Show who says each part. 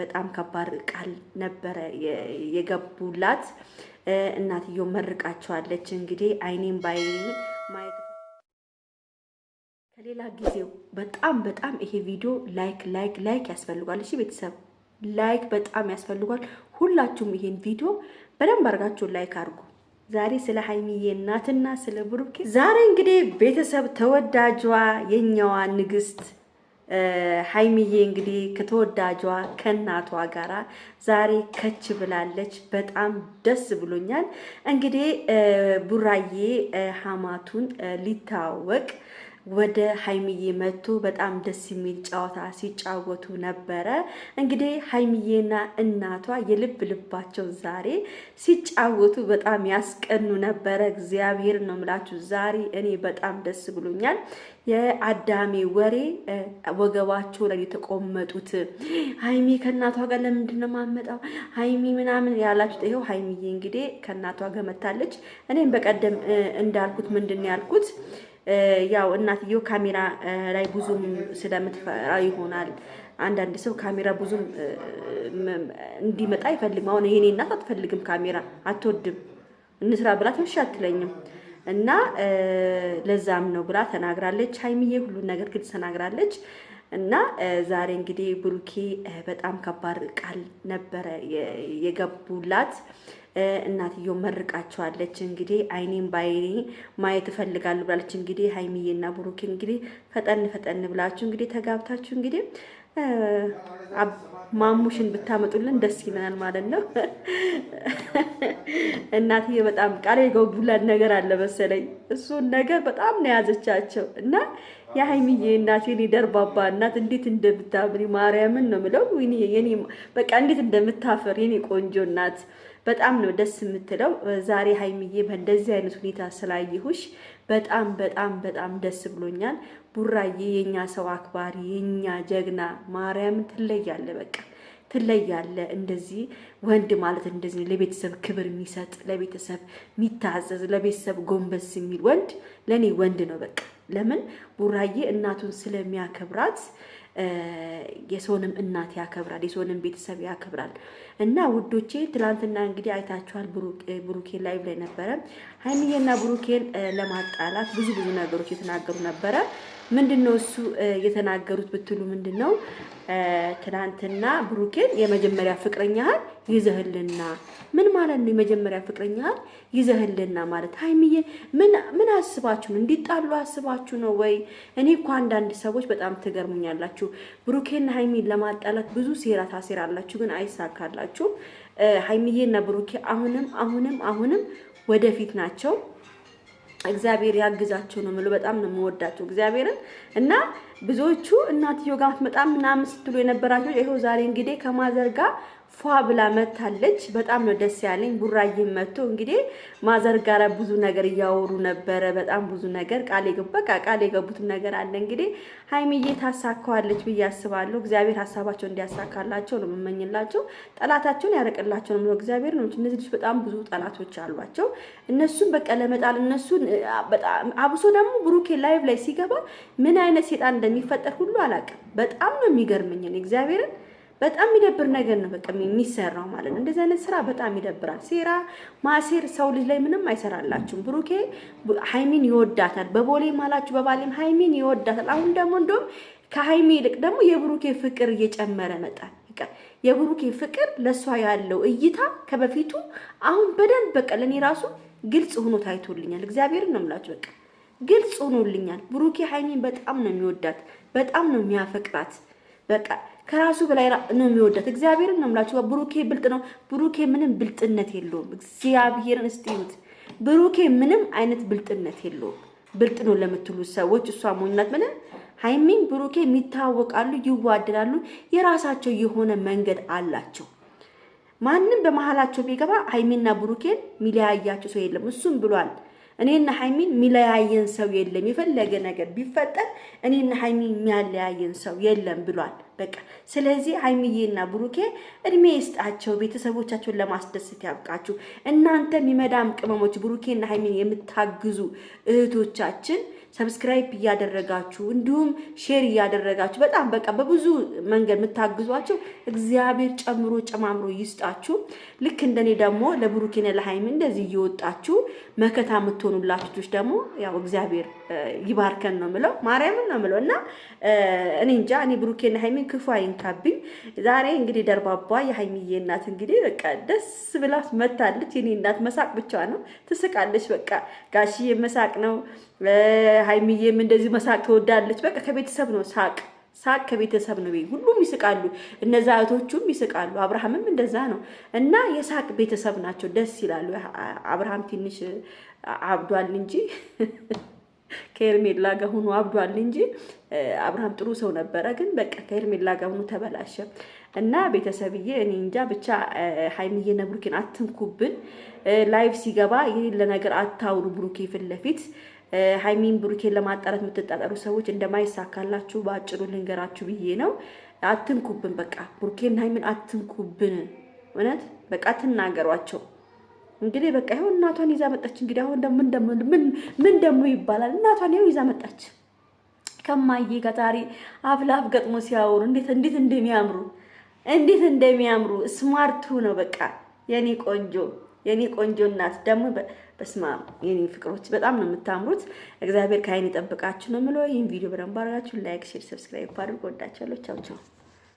Speaker 1: በጣም ከባድ ቃል ነበረ የገቡላት። እናትዮ መርቃቸዋለች። እንግዲህ አይኔም ባይ ማየት ከሌላ ጊዜው በጣም በጣም ይሄ ቪዲዮ ላይክ ላይክ ላይክ ያስፈልጓል። እሺ ቤተሰብ ላይክ በጣም ያስፈልጓል። ሁላችሁም ይሄን ቪዲዮ በደንብ አድርጋችሁ ላይክ አድርጉ። ዛሬ ስለ ሀይሚዬ እናትና ስለ ብሩኬ ዛሬ እንግዲህ ቤተሰብ ተወዳጇ የኛዋ ንግስት ሀይሚዬ እንግዲህ ከተወዳጇ ከእናቷ ጋራ ዛሬ ከች ብላለች። በጣም ደስ ብሎኛል። እንግዲህ ቡራዬ ሀማቱን ሊታወቅ ወደ ሀይምዬ መጥቶ በጣም ደስ የሚል ጨዋታ ሲጫወቱ ነበረ። እንግዲህ ሀይምዬና እናቷ የልብ ልባቸው ዛሬ ሲጫወቱ በጣም ያስቀኑ ነበረ። እግዚአብሔር ነው ምላችሁ። ዛሬ እኔ በጣም ደስ ብሎኛል። የአዳሜ ወሬ ወገባቸው ላይ የተቆመጡት ሀይሚ ከእናቷ ጋር ለምንድን ነው የማመጣው ሀይሚ ምናምን ያላችሁት፣ ይኸው ሀይሚዬ እንግዲህ ከእናቷ ገመታለች። እኔም በቀደም እንዳልኩት ምንድን ነው ያልኩት ያው እናትየው ካሜራ ላይ ብዙም ስለምትፈራ ይሆናል። አንዳንድ ሰው ካሜራ ብዙም እንዲመጣ አይፈልግም። አሁን ይሄኔ እናት አትፈልግም፣ ካሜራ አትወድም። እንስራ ብላት እሺ አትለኝም እና ለዛም ነው ብላ ተናግራለች። ሀይሚዬ ሁሉን ነገር ግልጽ ተናግራለች። እና ዛሬ እንግዲህ ብሩኬ በጣም ከባድ ቃል ነበረ የገቡላት። እናትዮ መርቃቸዋለች። እንግዲህ አይኔን በአይኔ ማየት እፈልጋለሁ ብላለች። እንግዲህ ሀይሚዬና ብሩኬ እንግዲህ ፈጠን ፈጠን ብላችሁ እንግዲህ ተጋብታችሁ እንግዲህ ማሙሽን ብታመጡልን ደስ ይለናል ማለት ነው። እናትዬ በጣም ቃል የገቡላት ነገር አለ መሰለኝ። እሱን ነገር በጣም ነው የያዘቻቸው እና የሀይሚዬ እናት የኔ ደርባባ እናት እንዴት እንደምታምሪ ማርያምን ነው የምለው። የኔ በቃ እንዴት እንደምታፈር የኔ ቆንጆ እናት በጣም ነው ደስ የምትለው። ዛሬ ሀይሚዬ በእንደዚህ አይነት ሁኔታ ስላየሁሽ በጣም በጣም በጣም ደስ ብሎኛል። ቡራዬ የኛ ሰው አክባሪ የኛ ጀግና ማርያምን ትለያለ በቃ ትለያለ። እንደዚህ ወንድ ማለት እንደዚህ ለቤተሰብ ክብር የሚሰጥ ለቤተሰብ የሚታዘዝ ለቤተሰብ ጎንበስ የሚል ወንድ ለእኔ ወንድ ነው በቃ ለምን ቡራዬ እናቱን ስለሚያከብራት የሰውንም እናት ያከብራል፣ የሰውንም ቤተሰብ ያከብራል። እና ውዶቼ ትላንትና እንግዲህ አይታችኋል፣ ብሩኬን ላይቭ ላይ ነበረ ሀይሚዬና ብሩኬን ለማጣላት ብዙ ብዙ ነገሮች የተናገሩ ነበረ። ምንድን ነው እሱ የተናገሩት ብትሉ ምንድን ነው ትናንትና ብሩኬን የመጀመሪያ ፍቅረኛህን ይዘህልና ምን ማለት ነው? የመጀመሪያ ፍቅረኛህን ይዘህልና ማለት ሀይሚዬ ምን አስባችሁ ነው? እንዲጣሉ አስባችሁ ነው ወይ? እኔ እኮ አንዳንድ ሰዎች በጣም ትገርሙኛላችሁ። አላችሁ። ብሩኬና ሀይሚን ለማጣላት ብዙ ሴራ ታሴራላችሁ፣ ግን አይሳካላችሁ። ሀይሚዬና ብሩኬ አሁንም አሁንም አሁንም ወደፊት ናቸው። እግዚአብሔር ያግዛቸው ነው የምለው። በጣም ነው የምወዳቸው እግዚአብሔርን እና ብዙዎቹ እናትዮ ጋር አትመጣም ምናምን ስትሉ የነበራቸው ይኸው ዛሬ እንግዲህ ከማዘር ጋር ፏ ብላ መታለች። በጣም ነው ደስ ያለኝ። ቡራዬም መጥቶ እንግዲህ ማዘር ጋር ብዙ ነገር እያወሩ ነበረ። በጣም ብዙ ነገር ቃል በቃ ቃል የገቡትን ነገር አለ እንግዲህ ሀይሚዬ ታሳካዋለች ብዬ አስባለሁ። እግዚአብሔር ሀሳባቸው እንዲያሳካላቸው ነው የምመኝላቸው። ጠላታቸውን ያረቅላቸው ነው እግዚአብሔር ነው። እነዚህ ልጅ በጣም ብዙ ጠላቶች አሏቸው። እነሱን በቃ ለመጣል እነሱን አብሶ ደግሞ ብሩኬ ላይቭ ላይ ሲገባ ምን አይነት ሴጣን እንደሚፈጠር ሁሉ አላውቅም። በጣም ነው የሚገርመኝ እግዚአብሔርን በጣም የሚደብር ነገር ነው። በቃ የሚሰራው ማለት ነው። እንደዚህ አይነት ስራ በጣም ይደብራል። ሴራ ማሴር ሰው ልጅ ላይ ምንም አይሰራላችሁም። ብሩኬ ሀይሚን ይወዳታል። በቦሌ ማላችሁ በባሌም ሀይሚን ይወዳታል። አሁን ደግሞ እንደውም ከሀይሚ ይልቅ ደግሞ የብሩኬ ፍቅር እየጨመረ መጣል። የብሩኬ ፍቅር ለእሷ ያለው እይታ ከበፊቱ አሁን በደንብ በቃ ለእኔ ራሱ ግልጽ ሆኖ ታይቶልኛል። እግዚአብሔርን ነው የምላችሁ በቃ ግልጽ ሆኖልኛል። ብሩኬ ሀይሚን በጣም ነው የሚወዳት፣ በጣም ነው የሚያፈቅራት። በቃ ከራሱ በላይ ነው የሚወዳት። እግዚአብሔርን ነው የምላችሁ። ብሩኬ ብልጥ ነው። ብሩኬ ምንም ብልጥነት የለውም። እግዚአብሔርን እስጥዩት። ብሩኬ ምንም አይነት ብልጥነት የለውም። ብልጥ ነው ለምትሉ ሰዎች እሷ ሞኝናት። ምንም ሀይሚን ብሩኬ የሚታወቃሉ፣ ይዋደዳሉ። የራሳቸው የሆነ መንገድ አላቸው። ማንም በመሀላቸው ቢገባ ሀይሚና ብሩኬን የሚለያያቸው ሰው የለም። እሱም ብሏል እኔና ሀይሚን የሚለያየን ሰው የለም፣ የፈለገ ነገር ቢፈጠር እኔና ሀይሚን የሚያለያየን ሰው የለም ብሏል። በቃ ስለዚህ ሀይሚዬና ብሩኬ እድሜ ይስጣቸው፣ ቤተሰቦቻቸውን ለማስደሰት ያብቃችሁ። እናንተም የመዳም ቅመሞች ብሩኬና ሀይሚን የምታግዙ እህቶቻችን ሰብስክራይብ እያደረጋችሁ እንዲሁም ሼር እያደረጋችሁ በጣም በቃ በብዙ መንገድ የምታግዟቸው እግዚአብሔር ጨምሮ ጨማምሮ ይስጣችሁ። ልክ እንደኔ ደግሞ ለብሩኬነ ለሀይም እንደዚህ እየወጣችሁ መከታ የምትሆኑላችሁ ልጆች ደግሞ ያው እግዚአብሔር ይባርከን ነው ምለው፣ ማርያምን ነው ምለው እና እኔ እንጃ እኔ ብሩኬና ሀይሚን ክፉ አይንካብኝ። ዛሬ እንግዲህ ደርባባ የሀይሚዬ እናት እንግዲህ በቃ ደስ ብላት መታለች። የኔ እናት መሳቅ ብቻ ነው ትስቃለች። በቃ ጋሽዬ መሳቅ ነው ሀይሚዬም እንደዚህ መሳቅ ትወዳለች። በቃ ከቤተሰብ ነው ሳቅ ሳቅ ከቤተሰብ ነው። ሁሉም ይስቃሉ፣ እነዛ እህቶቹም ይስቃሉ። አብርሃምም እንደዛ ነው እና የሳቅ ቤተሰብ ናቸው፣ ደስ ይላሉ። አብርሃም ትንሽ አብዷል እንጂ ከኤርሜላ ጋር ሆኖ አብዷል እንጂ አብርሃም ጥሩ ሰው ነበረ፣ ግን በቃ ከኤርሜላ ጋር ሆኖ ተበላሸ እና ቤተሰብዬ፣ እኔ እንጃ ብቻ ሀይሚዬ ብሩኬን አትንኩብን። ላይቭ ሲገባ የሌለ ነገር አታውሩ ብሩኬ ፊት ለፊት ሀይሚን ብሩኬን ለማጣረት የምትጣጠሩ ሰዎች እንደማይሳካላችሁ በአጭሩ ልንገራችሁ ብዬ ነው። አትንኩብን፣ በቃ ብሩኬን ሀይሚን አትንኩብን። እውነት በቃ ትናገሯቸው። እንግዲህ በቃ ይኸው እናቷን ይዛ መጣች። እንግዲህ አሁን ደግሞ ምን ደግሞ ይባላል? እናቷን ይኸው ይዛ መጣች። ከማዬ ጋር አፍላፍ አፍ ለአፍ ገጥሞ ሲያወሩ እንዴት እንዴት እንደሚያምሩ እንዴት እንደሚያምሩ ስማርቱ ነው በቃ የኔ ቆንጆ የኔ ቆንጆ እናት ደግሞ በስማ የኔ ፍቅሮች በጣም ነው የምታምሩት። እግዚአብሔር ከአይን ይጠብቃችሁ ነው የምለው። ይህን ቪዲዮ በደንብ አድርጋችሁ ላይክ፣ ሼር፣ ሰብስክራይብ አድርጎ ወዳችኋለሁ። ቻው